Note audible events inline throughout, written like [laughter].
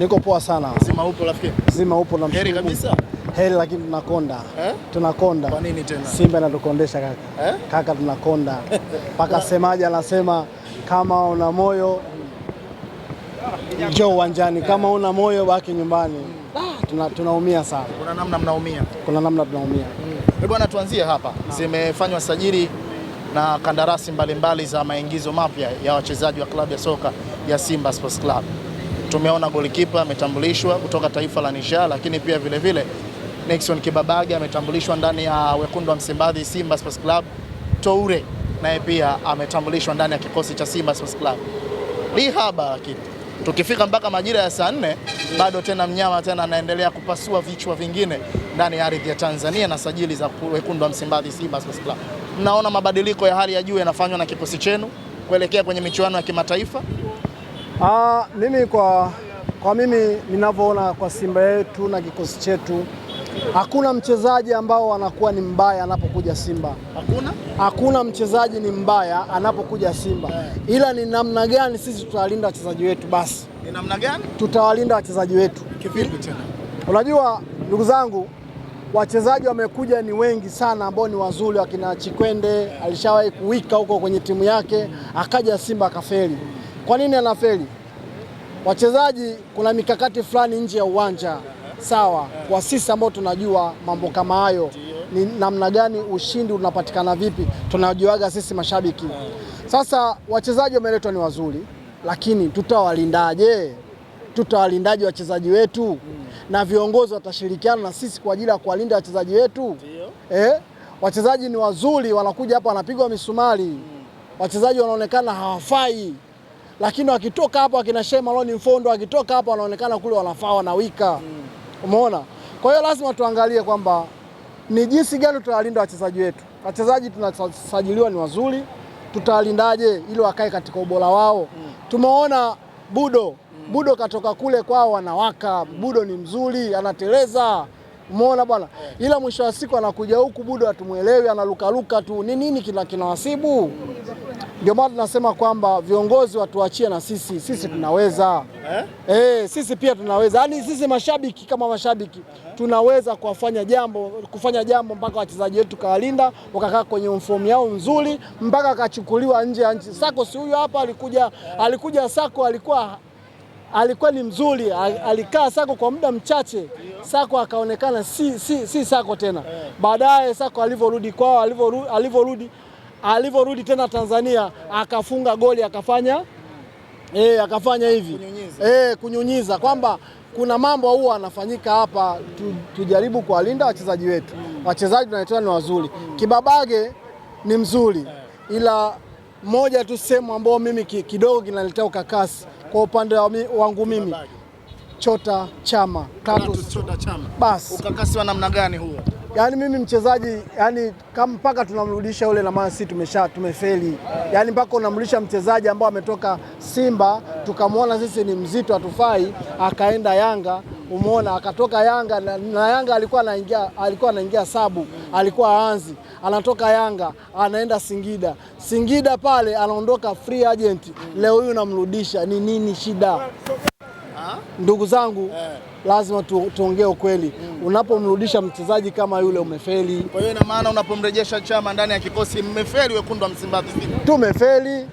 Niko poa sana. Zima upo rafiki? Zima upo na mshukuru. Heri kabisa. Heri lakini tunakonda. Eh? Tunakonda. Kwa nini tena? Simba inatukondesha kaka. Eh? Kaka tunakonda. [laughs] Paka semaji anasema kama una moyo njoo uwanjani, kama eh. una moyo baki nyumbani. Hmm. Ah, tuna, tunaumia sana. Kuna namna mnaumia. Kuna namna tunaumia. Mm. Bwana, tuanzie hapa. Zimefanywa sajili na kandarasi mbalimbali mbali za maingizo mapya ya wachezaji wa klabu ya soka ya Simba Sports Club. Tumeona golikipa ametambulishwa kutoka taifa la Nisha, lakini pia vile vile Nixon Kibabage ametambulishwa ndani ya wekundu wa Msimbazi Simba Sports Club. Toure naye pia ametambulishwa ndani ya kikosi cha Simba Sports Club. haba lakini tukifika mpaka majira ya saa nne bado tena mnyama tena anaendelea kupasua vichwa vingine ndani ya ardhi ya Tanzania na sajili za wekundu wa Msimbazi Simba Sports Club. Mnaona mabadiliko ya hali ya juu yanafanywa na kikosi chenu kuelekea kwenye michuano ya kimataifa. Ah, mimi kwa, kwa mimi ninavyoona kwa Simba yetu na kikosi chetu hakuna mchezaji ambao anakuwa ni mbaya anapokuja Simba. Hakuna, hakuna mchezaji ni mbaya anapokuja Simba, eh. ila ni namna gani sisi tutawalinda wachezaji wetu. Basi ni namna gani tutawalinda wachezaji wetu kivipi tena? Unajua ndugu zangu, wachezaji wamekuja ni wengi sana ambao ni wazuri, wakina Chikwende alishawahi kuwika huko kwenye timu yake, akaja Simba akafeli. Kwa nini anafeli? Wachezaji kuna mikakati fulani nje ya uwanja, sawa. Kwa sisi ambao tunajua mambo kama hayo ni namna gani, ushindi unapatikana vipi, tunajuaga sisi mashabiki. Sasa wachezaji wameletwa ni wazuri, lakini tutawalindaje? Tutawalindaje wachezaji wetu? na viongozi watashirikiana na sisi kwa ajili ya kuwalinda wachezaji wetu eh? Wachezaji ni wazuri, wanakuja hapa wanapigwa misumari, wachezaji wanaonekana hawafai lakini wakitoka hapo akina Shema Loni Mfondo wakitoka hapo wanaonekana kule wanafaa wanawika. Mm. Umeona? Kwa hiyo lazima tuangalie kwamba ni jinsi gani tutawalinda wachezaji wetu. Wachezaji tunasajiliwa ni wazuri, tutawalindaje ili wakae katika ubora wao? Mm. Tumeona Budo mm. Budo katoka kule kwao wanawaka. Budo ni mzuri, anateleza Umeona bwana, ila mwisho wa siku anakuja huku Budo hatumwelewi, analukaluka tu. Ni nini kina kinawasibu? Ndio maana tunasema kwamba viongozi watuachie na sisi, sisi mm. tunaweza eh? E, sisi pia tunaweza, yaani sisi mashabiki kama mashabiki tunaweza kufanya jambo kufanya jambo mpaka wachezaji wetu kawalinda wakakaa kwenye mfomu yao nzuri mpaka akachukuliwa nje ya nchi. Sako si huyu hapa alikuja, eh. alikuja Sako alikuwa alikuwa ni mzuri, alikaa Sako kwa muda mchache, Sako akaonekana si, si, si Sako tena. Eh. Baadaye Sako alivyorudi kwao, alivyorudi alivyorudi tena Tanzania akafunga goli akafanya e, akafanya hivi kunyunyiza, e, kunyunyiza kwamba kuna mambo huwa anafanyika hapa tu, tujaribu kuwalinda wachezaji wetu. Wachezaji tunaitana ni wazuri, Kibabage ni mzuri, ila moja tu sehemu ambao mimi kidogo kinaletea ukakasi kwa upande wangu mimi Chota Chama, Chota Chama, basi ukakasi wa namna gani huo? yani mimi mchezaji yani kama mpaka tunamrudisha yule na Man City tumesha tumefeli, yani mpaka unamrudisha mchezaji ambao ametoka Simba tukamwona sisi ni mzito atufai akaenda Yanga umeona, akatoka Yanga na, na Yanga alikuwa anaingia alikuwa anaingia sabu alikuwa aanzi anatoka Yanga anaenda Singida, Singida pale anaondoka free agent, leo huyu namrudisha, ni nini shida? ndugu zangu yeah. lazima tu, tuongee ukweli mm. Unapomrudisha mchezaji kama yule umefeli. Kwa hiyo ina maana unapomrejesha Chama ndani ya kikosi mmefeli, wekundu wa Msimbazi. Tumefeli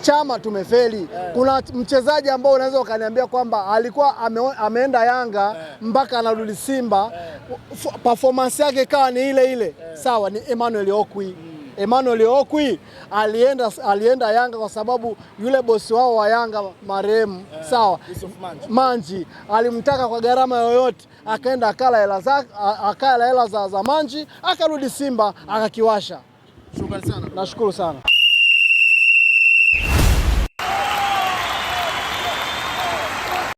Chama tumefeli yeah. Kuna mchezaji ambao unaweza ukaniambia kwamba alikuwa ame, ameenda Yanga yeah. mpaka anarudi Simba yeah. performance yake ikawa ni ile ile yeah. sawa, ni Emmanuel Okwi mm. Emmanuel Okwi alienda, alienda Yanga kwa sababu yule bosi wao wa Yanga marehemu yeah, sawa Manji, Manji alimtaka kwa gharama yoyote, akaenda akala hela za akala hela za, za Manji akarudi Simba akakiwasha. Shukrani sana, nashukuru sana.